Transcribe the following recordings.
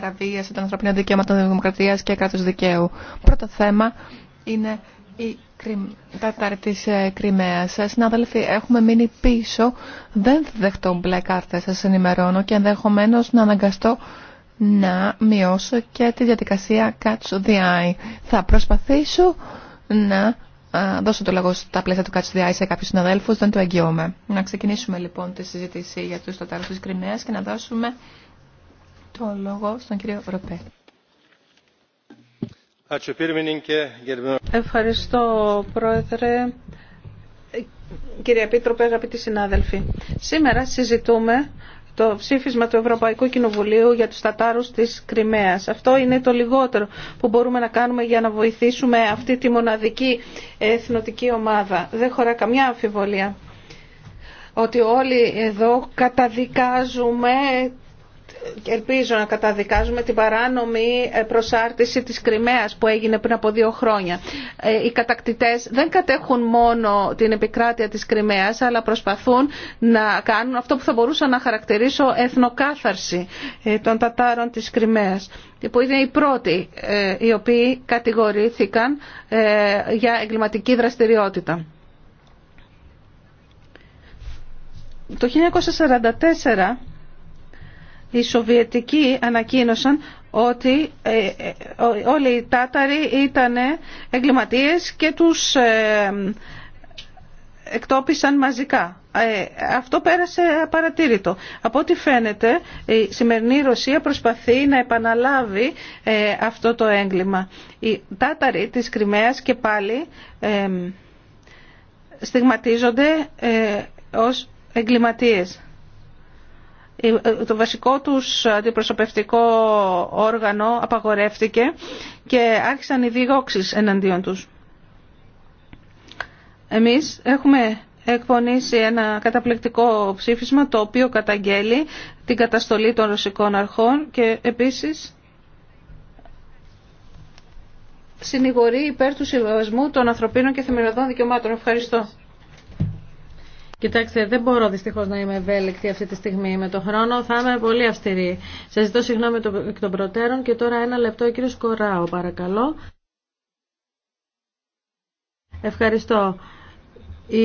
παραβίαση των ανθρωπίνων δικαιωμάτων της δημοκρατίας και κράτους δικαίου. Πρώτο θέμα είναι η κάταρτη τη ε, Κρυμαία. Ε, συνάδελφοι, έχουμε μείνει πίσω. Δεν θα δεχτώ μπλε κάρτε, σα ενημερώνω και ενδεχομένω να αναγκαστώ να μειώσω και τη διαδικασία Catch the Eye. Θα προσπαθήσω να δώσω το λόγο στα πλαίσια του Catch the Eye σε κάποιου συναδέλφου, δεν το εγγυώμαι. Να ξεκινήσουμε λοιπόν τη συζήτηση για του τατάρου τη Κρυμαία και να δώσουμε το λόγο στον κύριο Ροπέ. Ευχαριστώ, Πρόεδρε. Κύριε Επίτροπε, αγαπητοί συνάδελφοι. Σήμερα συζητούμε το ψήφισμα του Ευρωπαϊκού Κοινοβουλίου για τους Τατάρους της Κρυμαίας. Αυτό είναι το λιγότερο που μπορούμε να κάνουμε για να βοηθήσουμε αυτή τη μοναδική εθνοτική ομάδα. Δεν χωρά καμιά αμφιβολία ότι όλοι εδώ καταδικάζουμε ελπίζω να καταδικάζουμε την παράνομη ε, προσάρτηση της Κρυμαίας που έγινε πριν από δύο χρόνια. Ε, οι κατακτητές δεν κατέχουν μόνο την επικράτεια της Κρυμαίας αλλά προσπαθούν να κάνουν αυτό που θα μπορούσα να χαρακτηρίσω εθνοκάθαρση ε, των Τατάρων της Κρυμαίας που είναι οι πρώτοι οι οποίοι κατηγορήθηκαν για εγκληματική δραστηριότητα. Το 1944 οι Σοβιετικοί ανακοίνωσαν ότι ε, ε, όλοι οι Τάταροι ήταν εγκληματίες και τους ε, εκτόπισαν μαζικά. Αυτό πέρασε απαρατήρητο. Από ό,τι φαίνεται η σημερινή Ρωσία προσπαθεί να επαναλάβει αυτό το έγκλημα. Οι Τάταροι της Κρυμαίας και πάλι στιγματίζονται ως εγκληματίες το βασικό τους αντιπροσωπευτικό όργανο απαγορεύτηκε και άρχισαν οι διώξεις εναντίον τους. Εμείς έχουμε εκπονήσει ένα καταπληκτικό ψήφισμα το οποίο καταγγέλει την καταστολή των ρωσικών αρχών και επίσης συνηγορεί υπέρ του συμβασμού των ανθρωπίνων και θεμελιωδών δικαιωμάτων. Ευχαριστώ. Κοιτάξτε, δεν μπορώ δυστυχώ να είμαι ευέλικτη αυτή τη στιγμή με το χρόνο. Θα είμαι πολύ αυστηρή. Σα ζητώ συγγνώμη εκ των προτέρων και τώρα ένα λεπτό ο κύριο Κοράο, παρακαλώ. Ευχαριστώ. Η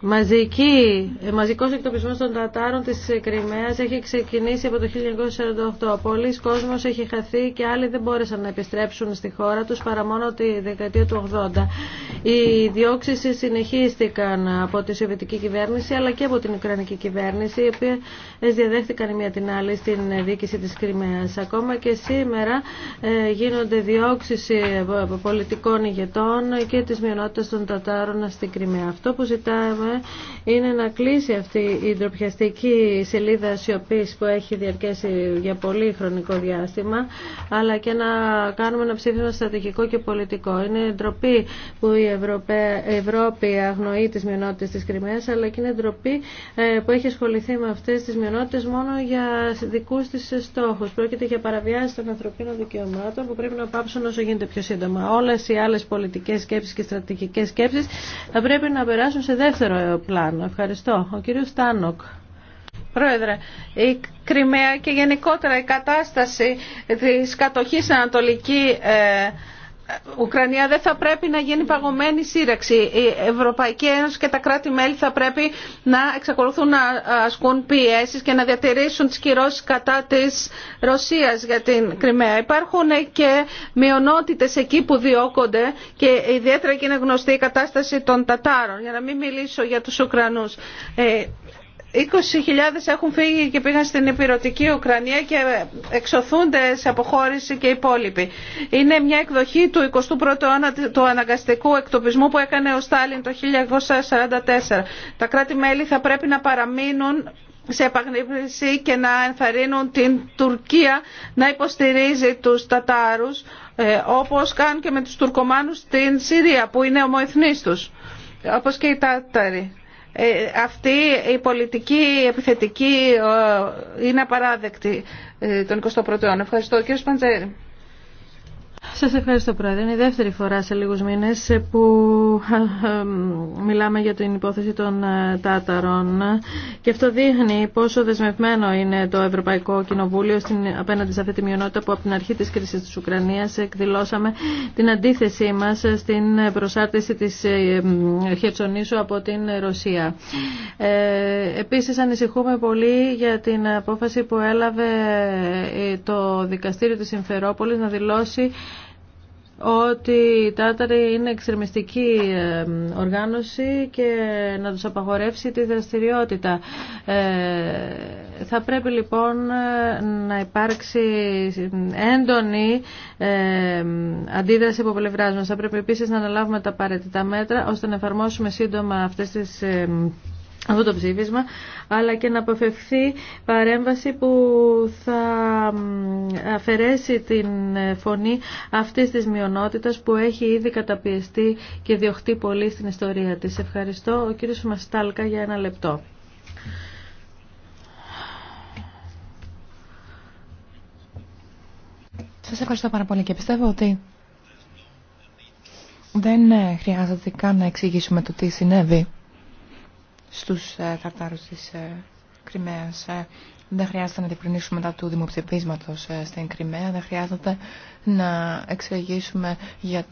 Μαζική, ε, μαζικός εκτοπισμός των Τατάρων της Κρυμαίας έχει ξεκινήσει από το 1948. Πολλοί κόσμος έχει χαθεί και άλλοι δεν μπόρεσαν να επιστρέψουν στη χώρα τους παρά μόνο τη δεκαετία του 80. Οι διώξεις συνεχίστηκαν από τη Σοβιετική κυβέρνηση αλλά και από την Ουκρανική κυβέρνηση οι οποίε διαδέχτηκαν η μία την άλλη στην διοίκηση της Κρυμαίας. Ακόμα και σήμερα ε, γίνονται διώξεις ε, πολιτικών ηγετών και της μειονότητας των Τατάρων στην Κρυμαία. Αυτό που ζητάμε είναι να κλείσει αυτή η ντροπιαστική σελίδα σιωπής που έχει διαρκέσει για πολύ χρονικό διάστημα, αλλά και να κάνουμε ένα ψήφισμα στρατηγικό και πολιτικό. Είναι ντροπή που η Ευρώπη αγνοεί τις μειονότητες της Κρυμαίας, αλλά και είναι ντροπή ε, που έχει ασχοληθεί με αυτές τις μειονότητες μόνο για δικούς της στόχους. Πρόκειται για παραβιάσει των ανθρωπίνων δικαιωμάτων που πρέπει να πάψουν όσο γίνεται πιο σύντομα. Όλες οι άλλες πολιτικές σκέψεις και στρατηγικές σκέψεις θα πρέπει να περάσουν σε δεύτερο πλάνο. Ευχαριστώ. Ο κύριος Στάνοκ. Πρόεδρε, η Κρυμαία και γενικότερα η κατάσταση της κατοχής στην Ανατολική ε, Ουκρανία δεν θα πρέπει να γίνει παγωμένη σύραξη. Η Ευρωπαϊκή Ένωση και τα κράτη-μέλη θα πρέπει να εξακολουθούν να ασκούν πιέσεις και να διατηρήσουν τις κυρώσεις κατά της Ρωσίας για την Κρυμαία. Υπάρχουν και μειονότητες εκεί που διώκονται και ιδιαίτερα και είναι γνωστή η κατάσταση των Τατάρων, για να μην μιλήσω για τους Ουκρανούς. Ε, 20.000 έχουν φύγει και πήγαν στην υπηρετική Ουκρανία και εξωθούνται σε αποχώρηση και υπόλοιποι. Είναι μια εκδοχή του 21ου αιώνα του αναγκαστικού εκτοπισμού που έκανε ο Στάλιν το 1944. Τα κράτη-μέλη θα πρέπει να παραμείνουν σε επαγνύπνιση και να ενθαρρύνουν την Τουρκία να υποστηρίζει τους Τατάρους ε, όπως κάνουν και με τους Τουρκομάνους στην Συρία που είναι ομοεθνείς τους όπως και οι Τάταροι ε, αυτή η πολιτική επιθετική ε, είναι απαράδεκτη ε, των 21ο αιώνα. Ευχαριστώ. Κύριε Σπαντζέρη. Σας ευχαριστώ Πρόεδρε. Είναι η δεύτερη φορά σε λίγους μήνες που ε, ε, μιλάμε για την υπόθεση των ε, Τάταρων και αυτό δείχνει πόσο δεσμευμένο είναι το Ευρωπαϊκό Κοινοβούλιο στην, απέναντι σε αυτή τη μειονότητα που από την αρχή της κρίσης της Ουκρανίας εκδηλώσαμε την αντίθεσή μας στην προσάρτηση της Χερσονήσου από την Ρωσία. Ε, επίσης ανησυχούμε πολύ για την απόφαση που έλαβε το Δικαστήριο της Συμφερόπολης να δηλώσει ότι η Τάταρη είναι εξερμιστική οργάνωση και να τους απαγορεύσει τη δραστηριότητα. Ε, θα πρέπει λοιπόν ε, να υπάρξει έντονη αντίδραση από πλευρά μας. Θα πρέπει επίσης να αναλάβουμε τα απαραίτητα μέτρα ώστε να εφαρμόσουμε σύντομα αυτές τις αυτό το ψήφισμα, αλλά και να αποφευθεί παρέμβαση που θα αφαιρέσει την φωνή αυτής της μειονότητας που έχει ήδη καταπιεστεί και διωχτεί πολύ στην ιστορία της. Ευχαριστώ. Ο κύριος Μαστάλκα για ένα λεπτό. Σας ευχαριστώ πάρα πολύ και πιστεύω ότι δεν χρειάζεται καν να εξηγήσουμε το τι συνέβη στους ε, Ταρτάρους της ε, Κρυμαίας. Ε, δεν χρειάζεται να διευκρινίσουμε μετά του δημοψηφίσματος στην Κρυμαία, δεν χρειάζεται να εξεργήσουμε για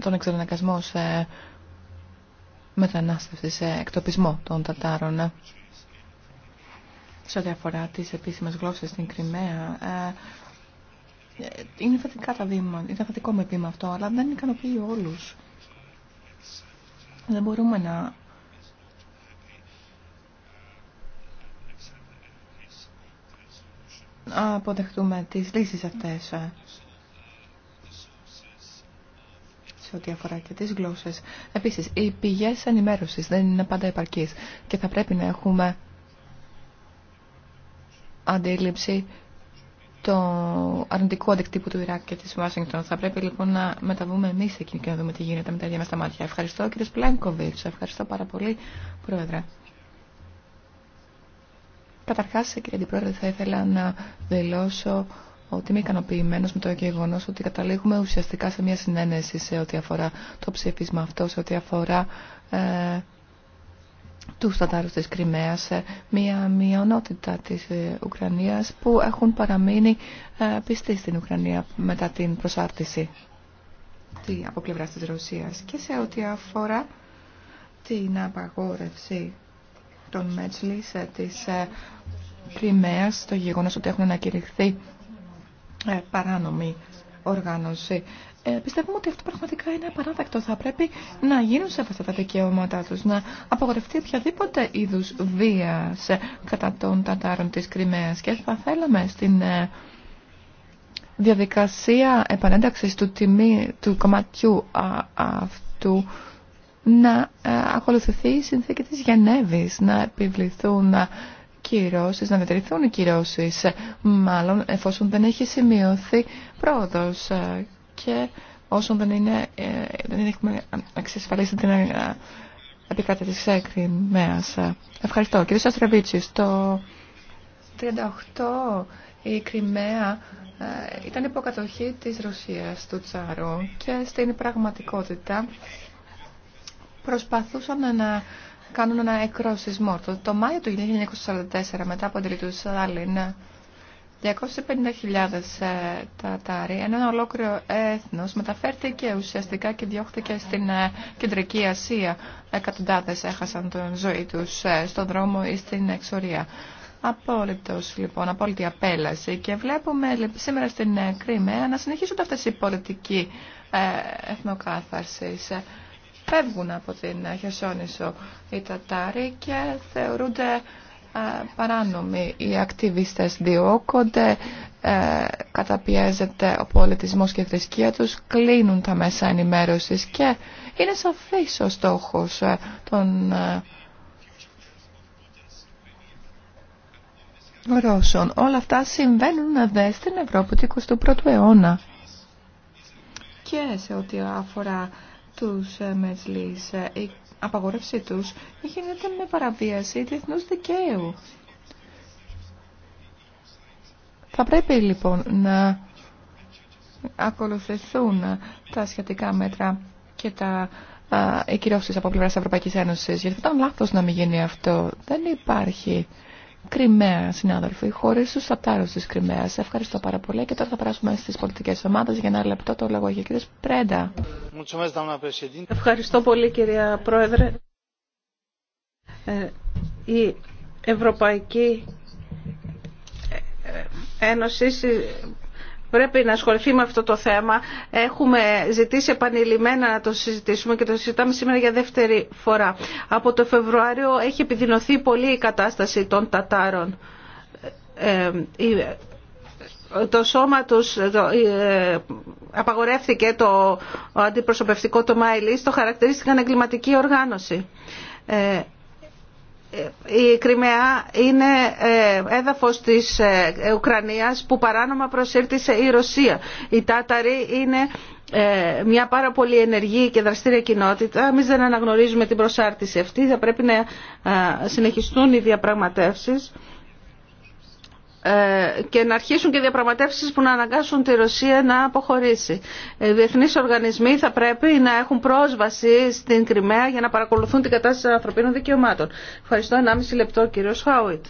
τον εξεργασμό σε μετανάστευση, σε εκτοπισμό των Τατάρων. Σε ό,τι αφορά τις επίσημες γλώσσες στην Κρυμαία, είναι θετικά τα βήμα, είναι θετικό με πείμα αυτό, αλλά δεν ικανοποιεί όλους. Δεν μπορούμε να αποδεχτούμε τις λύσεις αυτές ε, σε ό,τι αφορά και τις γλώσσες. Επίσης, οι πηγές ενημέρωσης δεν είναι πάντα επαρκείς και θα πρέπει να έχουμε αντίληψη το αρνητικό αντικτύπου του Ιράκ και της Ουάσιγκτον. Θα πρέπει λοιπόν να μεταβούμε εμείς εκεί και να δούμε τι γίνεται με τα ίδια μας τα μάτια. Ευχαριστώ κύριε Σπλένκοβιτς. Ευχαριστώ πάρα πολύ, Πρόεδρε. Καταρχά, κύριε Αντιπρόεδρε, θα ήθελα να δηλώσω ότι είμαι ικανοποιημένο με το γεγονό ότι καταλήγουμε ουσιαστικά σε μια συνένεση σε ό,τι αφορά το ψήφισμα αυτό, σε ό,τι αφορά ε, του στατάρου τη Κρυμαία, ε, μια μειονότητα τη ε, Ουκρανία που έχουν παραμείνει ε, πιστοί στην Ουκρανία μετά την προσάρτηση από πλευρά τη Ρωσία και σε ό,τι αφορά την απαγόρευση των Μέτσλης ε, της ε, Κρυμαίας το γεγονός ότι έχουν ανακηρυχθεί ε, παράνομη οργάνωση. Ε, πιστεύουμε ότι αυτό πραγματικά είναι απαράδεκτο. Θα πρέπει να γίνουν σε αυτά τα δικαιώματά τους, να απογορευτεί οποιαδήποτε είδους βίας κατά των Τατάρων της Κρυμαίας. Και θα θέλαμε στην διαδικασία επανένταξης του, τιμή, του κομματιού αυτού να ε, ακολουθηθεί η συνθήκη της Γενέβης, να επιβληθούν ε, κυρώσεις, να μετρηθούν οι κυρώσεις, ε, μάλλον εφόσον δεν έχει σημειωθεί πρόοδος και όσον δεν, είναι, δεν έχουμε εξασφαλίσει την επικράτη της Κρυμαίας. Ευχαριστώ. Κύριε Σαστραβίτσης, το 38 η Κρυμαία ήταν υποκατοχή της Ρωσίας του Τσάρου και στην πραγματικότητα προσπαθούσαν να κάνουν ένα εκρόσισμό. σεισμό. Το, το Μάιο του 1944, μετά από την του 250.000 Τατάρι, ένα ολόκληρο έθνο μεταφέρθηκε ουσιαστικά και διώχθηκε στην ε, Κεντρική Ασία. Εκατοντάδε έχασαν τον ζωή του ε, στον δρόμο ή στην εξορία. Απόλυτο λοιπόν, απόλυτη απέλαση και βλέπουμε σήμερα στην ε, Κρυμαία να συνεχίζονται αυτέ οι πολιτικοί εθνοκάθαρσεις φεύγουν από την Χερσόνησο οι Τατάροι και θεωρούνται ε, παράνομοι. Οι ακτιβίστες διώκονται, ε, καταπιέζεται ο πολιτισμός και η θρησκεία τους, κλείνουν τα μέσα ενημέρωσης και είναι σαφής ο στόχος ε, των Ρώσων. Όλα αυτά συμβαίνουν δε στην Ευρώπη του 21ου αιώνα. Και σε ό,τι αφορά τους ε, Μετσλής. Ε, η απαγορεύση τους γίνεται με παραβίαση διεθνούς δικαίου. Θα πρέπει λοιπόν να ακολουθηθούν τα σχετικά μέτρα και τα ε, οι από πλευράς τη Ευρωπαϊκή Ένωση. Γιατί ήταν λάθος να μην γίνει αυτό. Δεν υπάρχει Κρυμαία, συνάδελφοι, χωρί του ταπτάρου τη Κρυμαία. Ευχαριστώ πάρα πολύ και τώρα θα περάσουμε στι πολιτικέ ομάδε. Για ένα λεπτό το λόγο για Κύριε Πρέντα. Ευχαριστώ πολύ, κυρία Πρόεδρε. Ε, η Ευρωπαϊκή Ένωση πρέπει να ασχοληθεί με αυτό το θέμα. Έχουμε ζητήσει επανειλημμένα να το συζητήσουμε και το συζητάμε σήμερα για δεύτερη φορά. Από το Φεβρουάριο έχει επιδεινωθεί πολύ η κατάσταση των Τατάρων. Ε, ε, το σώμα τους ε, απαγορεύθηκε το αντιπροσωπευτικό το ΜΑΙΛΙΣ, το χαρακτηρίστηκαν εγκληματική οργάνωση η Κρυμαία είναι ε, έδαφος της ε, Ουκρανίας που παράνομα προσήρτησε η Ρωσία. Η Τάταρη είναι ε, μια πάρα πολύ ενεργή και δραστήρια κοινότητα. Εμεί δεν αναγνωρίζουμε την προσάρτηση αυτή. Θα πρέπει να συνεχιστούν οι διαπραγματεύσεις. Ε, και να αρχίσουν και διαπραγματεύσεις που να αναγκάσουν τη Ρωσία να αποχωρήσει. Οι ε, διεθνείς οργανισμοί θα πρέπει να έχουν πρόσβαση στην Κρυμαία για να παρακολουθούν την κατάσταση των ανθρωπίνων δικαιωμάτων. Ευχαριστώ 1,5 λεπτό κύριο Χάουιτ.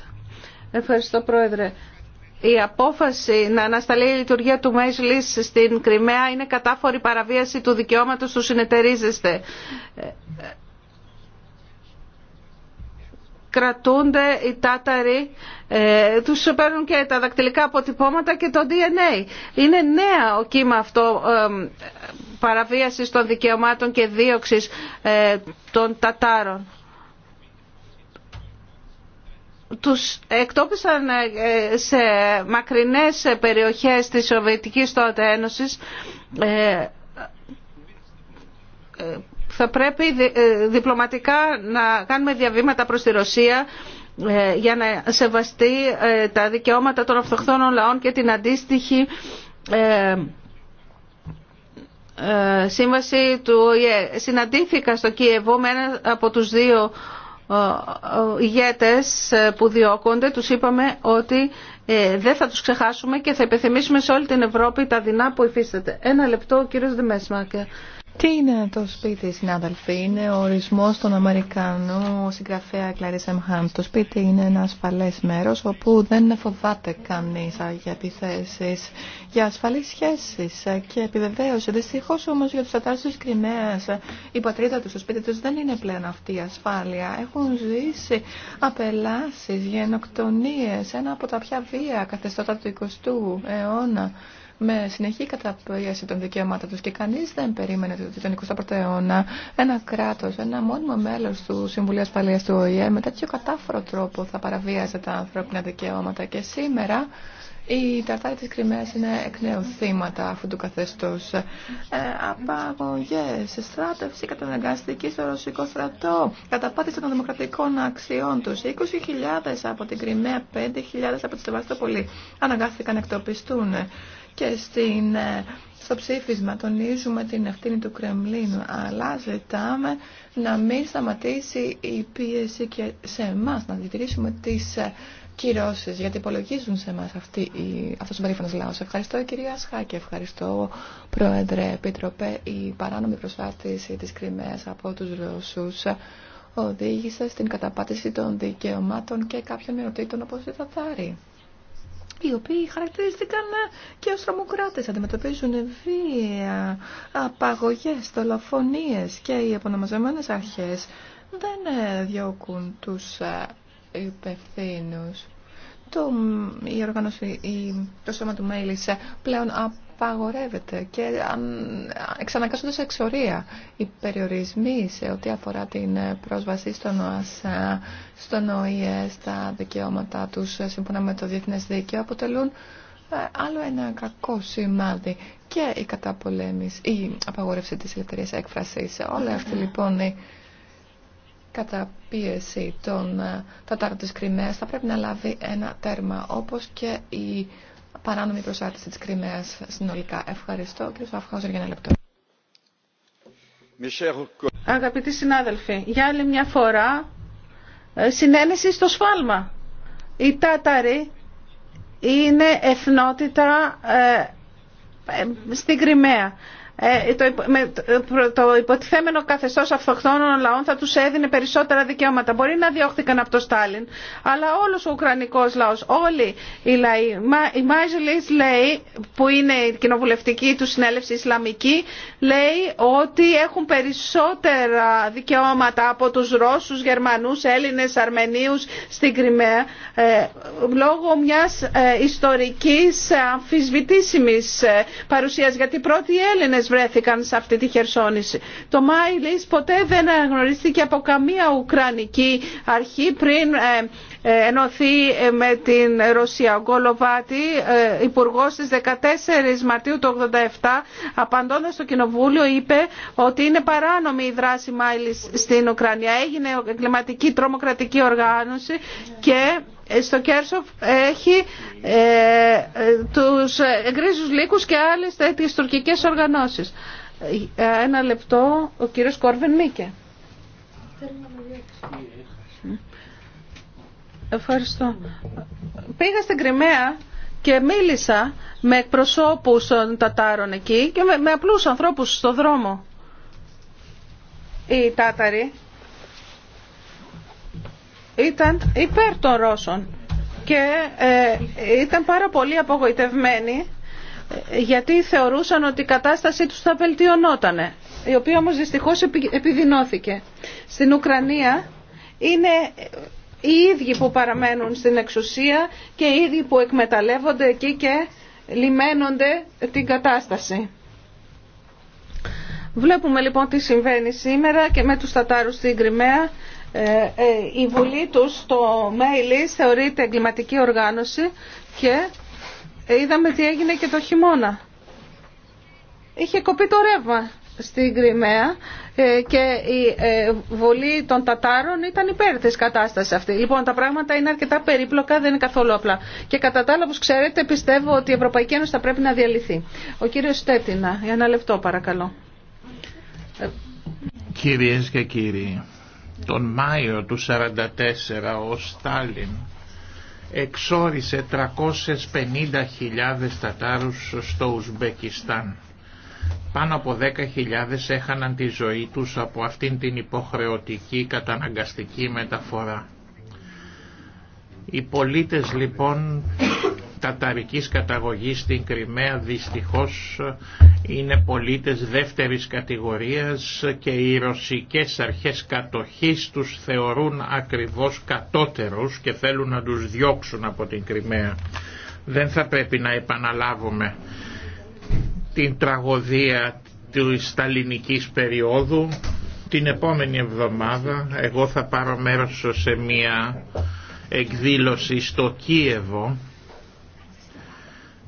Ευχαριστώ Πρόεδρε. Η απόφαση να ανασταλεί η λειτουργία του Μέισλης στην Κρυμαία είναι κατάφορη παραβίαση του δικαιώματος του συνεταιρίζεστε. Ε, κρατούνται οι τάταροι, ε, τους παίρνουν και τα δακτυλικά αποτυπώματα και το DNA. Είναι νέα ο κύμα αυτό ε, παραβίασης των δικαιωμάτων και δίωξης ε, των τατάρων. Τους εκτόπισαν ε, σε μακρινές περιοχές της Σοβιετικής τότε Ένωσης ε, θα πρέπει ε, διπλωματικά να κάνουμε διαβήματα προς τη Ρωσία ε, για να σεβαστεί ε, τα δικαιώματα των αυτοχθόνων λαών και την αντίστοιχη σύμβαση του ΟΗΕ. Συναντήθηκα στο Κίεβο με ένα από τους δύο ηγέτες που διώκονται. Τους είπαμε ότι δεν θα τους ξεχάσουμε και θα υπεθυμίσουμε σε όλη την Ευρώπη τα δεινά που υφίσταται. Ένα λεπτό, ο κύριος Δημέσμακερ. Τι είναι το σπίτι, συνάδελφοι. Είναι ο ορισμός των Αμερικανού συγγραφέα Κλαρίς Εμχάν. Το σπίτι είναι ένα ασφαλές μέρος όπου δεν φοβάται κανείς για επιθέσεις, για ασφαλείς σχέσεις και επιβεβαίωση. Δυστυχώ όμως για τους ατάρσεις της Κρυμαίας η πατρίδα τους, το σπίτι τους δεν είναι πλέον αυτή η ασφάλεια. Έχουν ζήσει απελάσεις, γενοκτονίες, ένα από τα πια βία καθεστώτα του 20ου αιώνα με συνεχή καταπίεση των δικαιωμάτων τους και κανεί δεν περίμενε ότι τον 21ο αιώνα ένα κράτο, ένα μόνιμο μέλο του Συμβουλίου Ασφαλεία του ΟΗΕ με τέτοιο κατάφορο τρόπο θα παραβίαζε τα ανθρώπινα δικαιώματα και σήμερα οι Ταρτάροι της Κρυμαίας είναι εκ νέου θύματα αυτού του καθεστώς. Ε, απαγωγές, στράτευση καταναγκαστική στο ρωσικό στρατό, καταπάτηση των δημοκρατικών αξιών τους. 20.000 από την Κρυμαία, 5.000 από τη Σεβαστόπολη αναγκάστηκαν να εκτοπιστούν. Και στην, ε, στο ψήφισμα τονίζουμε την ευθύνη του Κρεμλίνου, αλλά ζητάμε να μην σταματήσει η πίεση και σε εμά να διατηρήσουμε τις ε, κυρώσει, γιατί υπολογίζουν σε εμά αυτό ο περήφανο λαό. Ευχαριστώ, κυρία Σχάκη. Ευχαριστώ, Πρόεδρε, Επίτροπε. Η παράνομη προσπάθηση τη Κρυμαία από του Ρωσού οδήγησε στην καταπάτηση των δικαιωμάτων και κάποιων μειονοτήτων όπω η Θαθάρη οι οποίοι χαρακτηρίστηκαν και ως τρομοκράτες, αντιμετωπίζουν βία, απαγωγές, δολοφονίες και οι απονομαζόμενες αρχές δεν διώκουν τους υπευθύνου. Το, η οργάνωση, το σώμα του μέλησε πλέον απαγορεύεται και εξαναγκάζονται σε εξορία. Οι περιορισμοί σε ό,τι αφορά την πρόσβαση στον ΟΑΣΑ, στον ΟΗΕ, στα δικαιώματά τους σύμφωνα με το διεθνές δίκαιο αποτελούν ε, άλλο ένα κακό σημάδι και η καταπολέμηση, η απαγόρευση της ελευθερίας έκφρασης. Όλα αυτά λοιπόν κατά πίεση των ε, Τατάρων της Κρυμαίας θα πρέπει να λάβει ένα τέρμα, όπως και η παράνομη προσάρτηση της Κρυμαίας συνολικά. Ευχαριστώ. Κύριε Σαφχάουζερ, για ένα λεπτό. Αγαπητοί συνάδελφοι, για άλλη μια φορά ε, συνένεση στο σφάλμα. Οι Τάταροι είναι εθνότητα ε, στην Κρυμαία. Ε, ε, το υποτιθέμενο καθεστώ αυτοκτόνων λαών θα τους έδινε περισσότερα δικαιώματα. Μπορεί να διώχθηκαν από το Στάλιν, αλλά όλος ο Ουκρανικός λαός, όλοι οι λαοί, η Μάιζελη λέει, που είναι η κοινοβουλευτική του συνέλευση Ισλαμική, λέει ότι έχουν περισσότερα δικαιώματα από τους Ρώσους, Γερμανού Έλληνε, Αρμενίου στην Κρυμαία, ε, λόγω μιας ιστορικής αμφισβητήσιμης παρουσίας, γιατί πρώτοι βρέθηκαν σε αυτή τη χερσόνηση. Το Μάιλις ποτέ δεν αναγνωρίστηκε από καμία Ουκρανική αρχή πριν ε, ε, ενωθεί ε, με την Ρωσία. Ο Γκολοβάτη, υπουργό τη 14 Μαρτίου του 1987, απαντώντα στο Κοινοβούλιο, είπε ότι είναι παράνομη η δράση Μάιλις στην Ουκρανία. Έγινε εγκληματική τρομοκρατική οργάνωση και στο Κέρσοφ έχει ε, ε τους γκρίζους λύκους και άλλες τέτοιες τουρκικές οργανώσεις. Ε, ένα λεπτό, ο κύριος Κόρβεν Μίκε. Ευχαριστώ. Πήγα στην Κρυμαία και μίλησα με εκπροσώπους των Τατάρων εκεί και με, με απλούς ανθρώπους στο δρόμο. Οι Τάταροι ήταν υπέρ των Ρώσων και ε, ήταν πάρα πολύ απογοητευμένοι ε, γιατί θεωρούσαν ότι η κατάστασή τους θα βελτιωνότανε, η οποία όμως δυστυχώς επιδεινώθηκε. Στην Ουκρανία είναι οι ίδιοι που παραμένουν στην εξουσία και οι ίδιοι που εκμεταλλεύονται εκεί και λιμένονται την κατάσταση. Βλέπουμε λοιπόν τι συμβαίνει σήμερα και με τους Τατάρους στην Κρυμαία ε, ε, η βουλή τους στο Μέιλις θεωρείται εγκληματική οργάνωση και είδαμε τι έγινε και το χειμώνα. Είχε κοπεί το ρεύμα στην Κρυμαία ε, και η βουλή των Τατάρων ήταν υπέρ της κατάστασης αυτή. Λοιπόν, τα πράγματα είναι αρκετά περίπλοκα, δεν είναι καθόλου απλά. Και κατά τα άλλα, όπως ξέρετε, πιστεύω ότι η Ευρωπαϊκή Ένωση θα πρέπει να διαλυθεί. Ο κύριος Στέτινα, για ένα λεπτό παρακαλώ. Κυρίες και κύριοι, τον Μάιο του 1944 ο Στάλιν εξόρισε 350.000 Τατάρους στο Ουσμπεκιστάν. Πάνω από 10.000 έχαναν τη ζωή τους από αυτήν την υποχρεωτική καταναγκαστική μεταφορά. Οι πολίτες λοιπόν ταταρικής καταγωγής στην Κρυμαία δυστυχώς είναι πολίτες δεύτερης κατηγορίας και οι ρωσικές αρχές κατοχής τους θεωρούν ακριβώς κατώτερους και θέλουν να τους διώξουν από την Κρυμαία. Δεν θα πρέπει να επαναλάβουμε την τραγωδία του σταλινικής περίοδου. Την επόμενη εβδομάδα εγώ θα πάρω μέρος σε μια εκδήλωση στο Κίεβο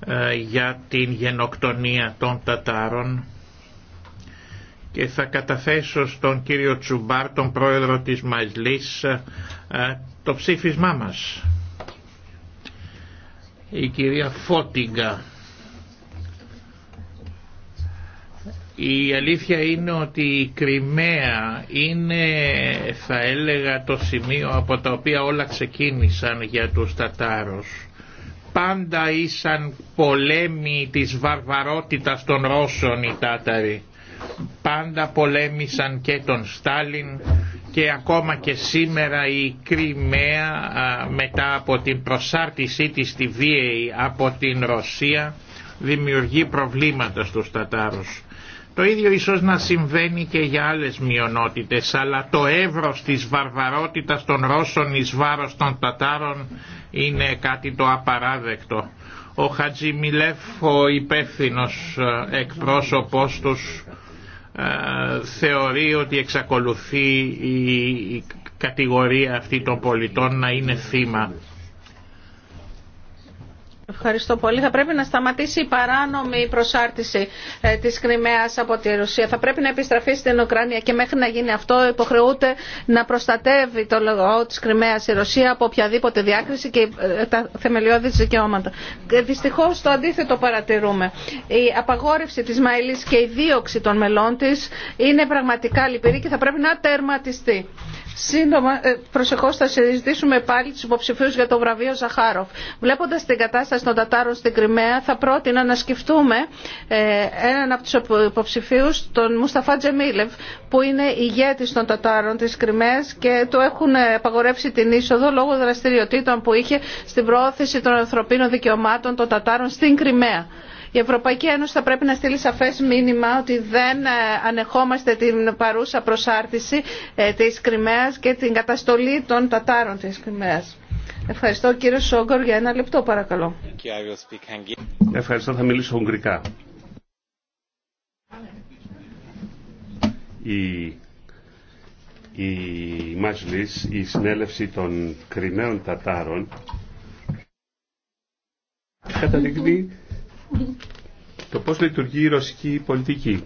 ε, για την γενοκτονία των Τατάρων και θα καταθέσω στον κύριο Τσουμπάρ, τον πρόεδρο της Μαζλής, ε, ε, το ψήφισμά μας. Η κυρία Φώτιγκα. Η αλήθεια είναι ότι η Κρυμαία είναι θα έλεγα το σημείο από τα οποία όλα ξεκίνησαν για τους Τατάρους πάντα ήσαν πολέμοι της βαρβαρότητας των Ρώσων οι Τάταροι. Πάντα πολέμησαν και τον Στάλιν και ακόμα και σήμερα η Κρυμαία μετά από την προσάρτησή της στη βίαιη από την Ρωσία δημιουργεί προβλήματα στους Τατάρους. Το ίδιο ίσως να συμβαίνει και για άλλες μειονότητες, αλλά το εύρος της βαρβαρότητας των Ρώσων εις βάρος των Τατάρων είναι κάτι το απαράδεκτο. Ο Χατζημιλεύ ο υπεύθυνο ε, εκπρόσωπός τους, ε, θεωρεί ότι εξακολουθεί η κατηγορία αυτή των πολιτών να είναι θύμα. Ευχαριστώ πολύ. Θα πρέπει να σταματήσει η παράνομη προσάρτηση ε, της Κρυμαίας από τη Ρωσία. Θα πρέπει να επιστραφεί στην Ουκρανία και μέχρι να γίνει αυτό υποχρεούται να προστατεύει το λαό της Κρυμαίας η Ρωσία από οποιαδήποτε διάκριση και ε, τα θεμελιώδη δικαιώματα. Ε, Δυστυχώ το αντίθετο παρατηρούμε. Η απαγόρευση της Μαϊλής και η δίωξη των μελών της είναι πραγματικά λυπηρή και θα πρέπει να τερματιστεί. Σύντομα, ε, προσεχώ θα συζητήσουμε πάλι του υποψηφίου για το βραβείο Ζαχάροφ. Βλέποντα την κατάσταση των Τατάρων στην Κρυμαία, θα πρότεινα να σκεφτούμε ε, έναν από του υποψηφίου, τον Μουσταφά Τζεμίλευ, που είναι ηγέτη των Τατάρων τη Κρυμαία και του έχουν ε, απαγορεύσει την είσοδο λόγω δραστηριοτήτων που είχε στην προώθηση των ανθρωπίνων δικαιωμάτων των Τατάρων στην Κρυμαία. Η Ευρωπαϊκή Ένωση θα πρέπει να στείλει σαφές μήνυμα ότι δεν ε, ανεχόμαστε την παρούσα προσάρτηση ε, της Κρυμαία και την καταστολή των Τατάρων της Κρυμαία. Ευχαριστώ κύριε Σόγκορ για ένα λεπτό παρακαλώ. Ευχαριστώ θα μιλήσω ουγγρικά. Η, η η συνέλευση των Κρυμαίων Τατάρων καταδεικνύει το πώς λειτουργεί η ρωσική πολιτική.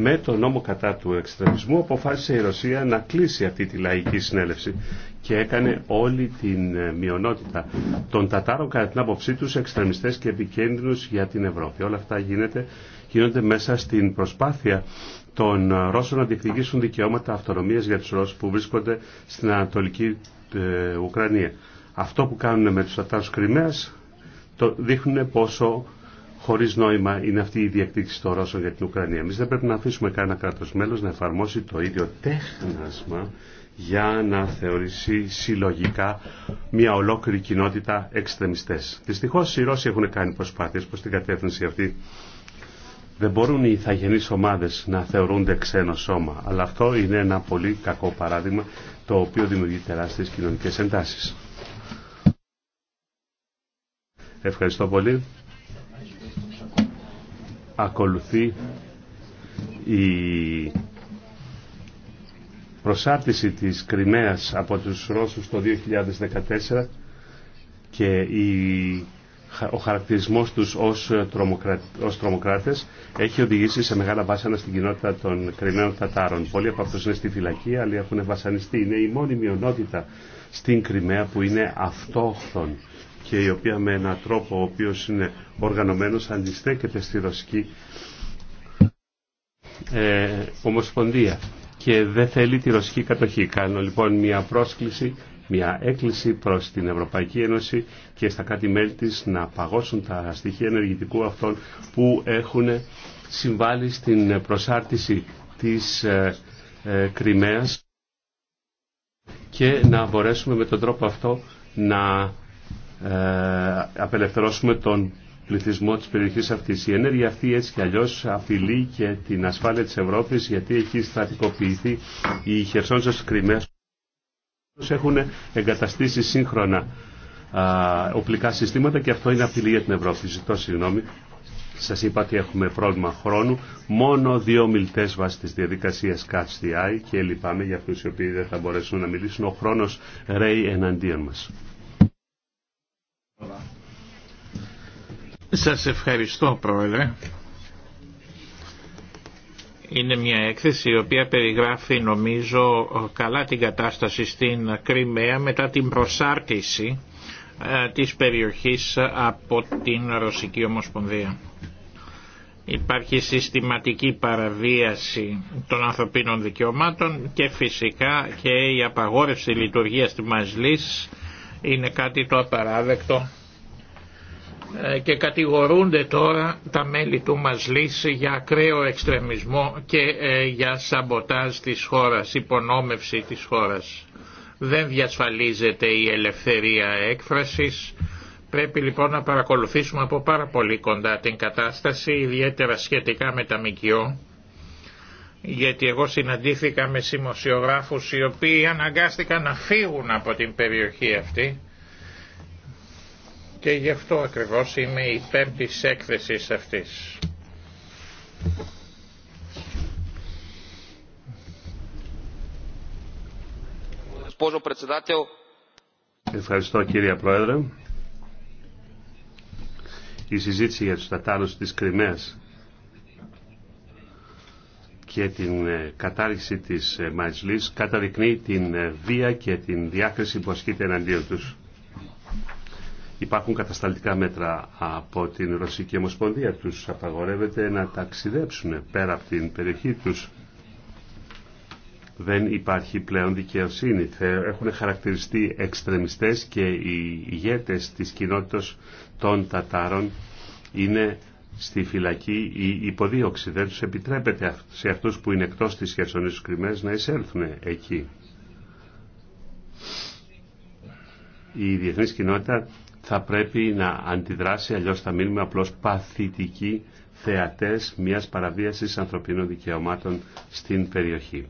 Με τον νόμο κατά του εξτρεμισμού αποφάσισε η Ρωσία να κλείσει αυτή τη λαϊκή συνέλευση και έκανε όλη την ε, μειονότητα των Τατάρων κατά την άποψή τους εξτρεμιστές και επικίνδυνους για την Ευρώπη. Όλα αυτά γίνεται, γίνονται μέσα στην προσπάθεια των ε, Ρώσων να διεκδικήσουν δικαιώματα αυτονομίας για τους Ρώσους που βρίσκονται στην Ανατολική ε, Ουκρανία. Αυτό που κάνουν με τους Τατάρους Κρυμαίας το δείχνουν πόσο χωρί νόημα είναι αυτή η διεκδίκηση των Ρώσων για την Ουκρανία. Εμεί δεν πρέπει να αφήσουμε κανένα κράτο μέλο να εφαρμόσει το ίδιο τέχνασμα για να θεωρήσει συλλογικά μια ολόκληρη κοινότητα εξτρεμιστέ. Δυστυχώ οι Ρώσοι έχουν κάνει προσπάθειε προ την κατεύθυνση αυτή. Δεν μπορούν οι ηθαγενεί ομάδε να θεωρούνται ξένο σώμα. Αλλά αυτό είναι ένα πολύ κακό παράδειγμα το οποίο δημιουργεί τεράστιε κοινωνικέ εντάσει. Ευχαριστώ πολύ ακολουθεί η προσάρτηση της Κρυμαίας από τους Ρώσους το 2014 και η, ο χαρακτηρισμός τους ως, τρομοκράτε ως τρομοκράτες έχει οδηγήσει σε μεγάλα βάσανα στην κοινότητα των Κρυμαίων Τατάρων. Πολλοί από αυτούς είναι στη φυλακή, άλλοι έχουν βασανιστεί. Είναι η μόνη μειονότητα στην Κρυμαία που είναι αυτόχθον και η οποία με έναν τρόπο ο οποίος είναι οργανωμένος αντιστέκεται στη ρωσική ε, ομοσπονδία και δεν θέλει τη ρωσική κατοχή. Κάνω λοιπόν μια πρόσκληση, μια έκκληση προς την Ευρωπαϊκή Ένωση και στα κάτι μέλη της να παγώσουν τα στοιχεία ενεργητικού αυτών που έχουν συμβάλει στην προσάρτηση της ε, ε και να μπορέσουμε με τον τρόπο αυτό να ε, απελευθερώσουμε τον πληθυσμό της περιοχής αυτής. Η ενέργεια αυτή έτσι κι αλλιώς απειλεί και την ασφάλεια της Ευρώπης γιατί έχει στρατικοποιηθεί οι χερσόνες που έχουν εγκαταστήσει σύγχρονα α, οπλικά συστήματα και αυτό είναι απειλή για την Ευρώπη. Ζητώ συγγνώμη. Σα είπα ότι έχουμε πρόβλημα χρόνου. Μόνο δύο μιλητέ βάσει τη διαδικασία Catch και λυπάμαι για αυτού οι οποίοι δεν θα μπορέσουν να μιλήσουν. Ο χρόνο ρέει εναντίον μα. Σας ευχαριστώ Πρόεδρε. Είναι μια έκθεση η οποία περιγράφει νομίζω καλά την κατάσταση στην Κρυμαία μετά την προσάρτηση ε, της περιοχής από την Ρωσική Ομοσπονδία. Υπάρχει συστηματική παραβίαση των ανθρωπίνων δικαιωμάτων και φυσικά και η απαγόρευση λειτουργίας της Μαζλής είναι κάτι το απαράδεκτο ε, και κατηγορούνται τώρα τα μέλη του Μαζλής για ακραίο εξτρεμισμό και ε, για σαμποτάζ της χώρας, υπονόμευση της χώρας. Δεν διασφαλίζεται η ελευθερία έκφρασης. Πρέπει λοιπόν να παρακολουθήσουμε από πάρα πολύ κοντά την κατάσταση, ιδιαίτερα σχετικά με τα ΜΚΟ, γιατί εγώ συναντήθηκα με σημοσιογράφους οι οποίοι αναγκάστηκαν να φύγουν από την περιοχή αυτή και γι' αυτό ακριβώς είμαι υπέρ πέμπτη έκθεση αυτής. Ευχαριστώ κύριε Πρόεδρε. Η συζήτηση για τους Τατάρους της Κρυμαίας και την ε, κατάρριξη της ε, Μαϊτζλής καταδεικνύει την ε, βία και την διάκριση που ασκείται εναντίον τους. Υπάρχουν κατασταλτικά μέτρα από την Ρωσική Ομοσπονδία. Τους απαγορεύεται να ταξιδέψουν πέρα από την περιοχή τους. Δεν υπάρχει πλέον δικαιοσύνη. Έχουν χαρακτηριστεί εξτρεμιστές και οι ηγέτες της κοινότητας των Τατάρων είναι στη φυλακή η υποδίωξη. Δεν τους επιτρέπεται σε αυτούς που είναι εκτός της χερσονήσου Κρυμαίας να εισέλθουν εκεί. Η διεθνής κοινότητα θα πρέπει να αντιδράσει, αλλιώς θα μείνουμε απλώς παθητικοί θεατές μιας παραβίασης ανθρωπίνων δικαιωμάτων στην περιοχή.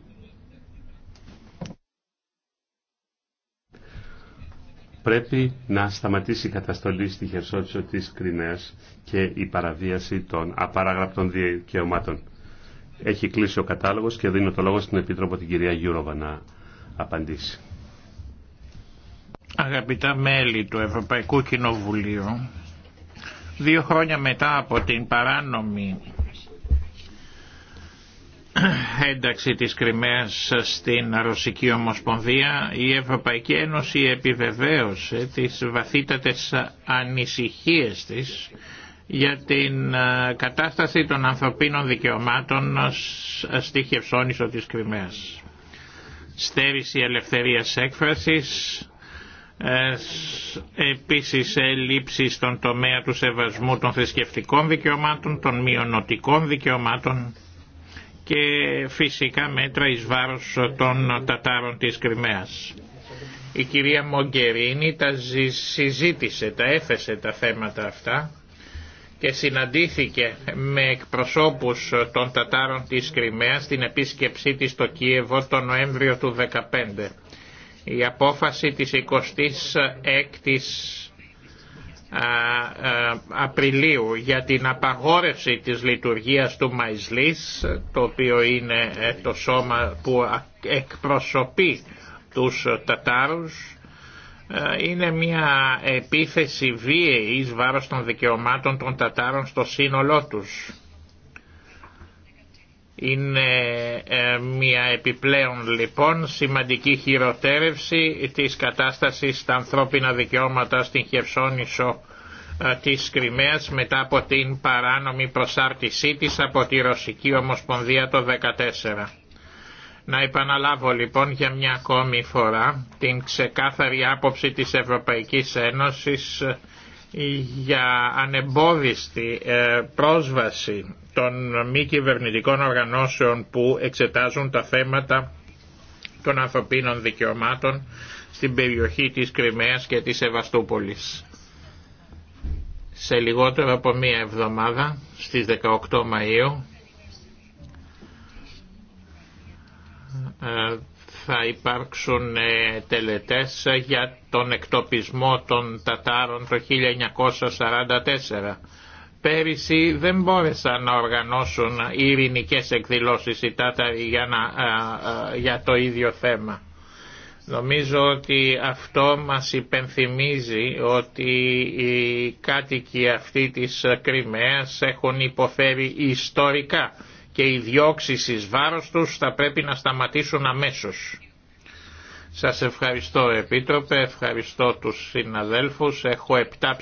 Πρέπει να σταματήσει η καταστολή στη χερσότσο της Κρινέας και η παραβίαση των απαράγραπτων δικαιωμάτων. Έχει κλείσει ο κατάλογος και δίνω το λόγο στην Επίτροπο την κυρία Γιούροβα να απαντήσει. Αγαπητά μέλη του Ευρωπαϊκού Κοινοβουλίου, δύο χρόνια μετά από την παράνομη ένταξη της Κρυμαίας στην Ρωσική Ομοσπονδία, η Ευρωπαϊκή Ένωση επιβεβαίωσε τις βαθύτατες ανησυχίες της για την ε, κατάσταση των ανθρωπίνων δικαιωμάτων στη Χευσόνησο της Κρυμαίας. Στέρηση ελευθερίας έκφρασης, επίσης ελλείψεις στον τομέα του σεβασμού των θρησκευτικών δικαιωμάτων, των μειονοτικών δικαιωμάτων και φυσικά μέτρα εις βάρος των Τατάρων της Κρυμαίας. Η κυρία Μογκερίνη τα συζήτησε, τα έθεσε τα θέματα αυτά και συναντήθηκε με εκπροσώπους των Τατάρων της Κρυμαίας στην επίσκεψή της στο Κίεβο τον Νοέμβριο του 2015 η απόφαση της 26ης Απριλίου για την απαγόρευση της λειτουργίας του Μαϊσλής, το οποίο είναι ε, το σώμα που εκπροσωπεί τους Τατάρους, είναι μια επίθεση βίαιης βάρος των δικαιωμάτων των Τατάρων στο σύνολό τους. Είναι ε, μια επιπλέον λοιπόν σημαντική χειροτέρευση της κατάστασης στα ανθρώπινα δικαιώματα στην Χερσόνησο ε, της Κρυμαίας μετά από την παράνομη προσάρτησή της από τη Ρωσική Ομοσπονδία το 2014. Να επαναλάβω λοιπόν για μια ακόμη φορά την ξεκάθαρη άποψη της Ευρωπαϊκής Ένωσης ε, για ανεμπόδιστη ε, πρόσβαση των μη κυβερνητικών οργανώσεων που εξετάζουν τα θέματα των ανθρωπίνων δικαιωμάτων στην περιοχή της Κρυμαίας και της Σεβαστούπολης. Σε λιγότερο από μία εβδομάδα, στις 18 Μαΐου, ε, θα υπάρξουν ε, τελετές για τον εκτοπισμό των Τατάρων το 1944. Πέρυσι δεν μπόρεσαν να οργανώσουν ειρηνικέ εκδηλώσεις οι Τάταροι για, το ίδιο θέμα. Νομίζω ότι αυτό μας υπενθυμίζει ότι οι κάτοικοι αυτοί της Κρυμαίας έχουν υποφέρει ιστορικά και οι διώξεις εις βάρος τους θα πρέπει να σταματήσουν αμέσως. Σας ευχαριστώ Επίτροπε, ευχαριστώ τους συναδέλφους, έχω επτά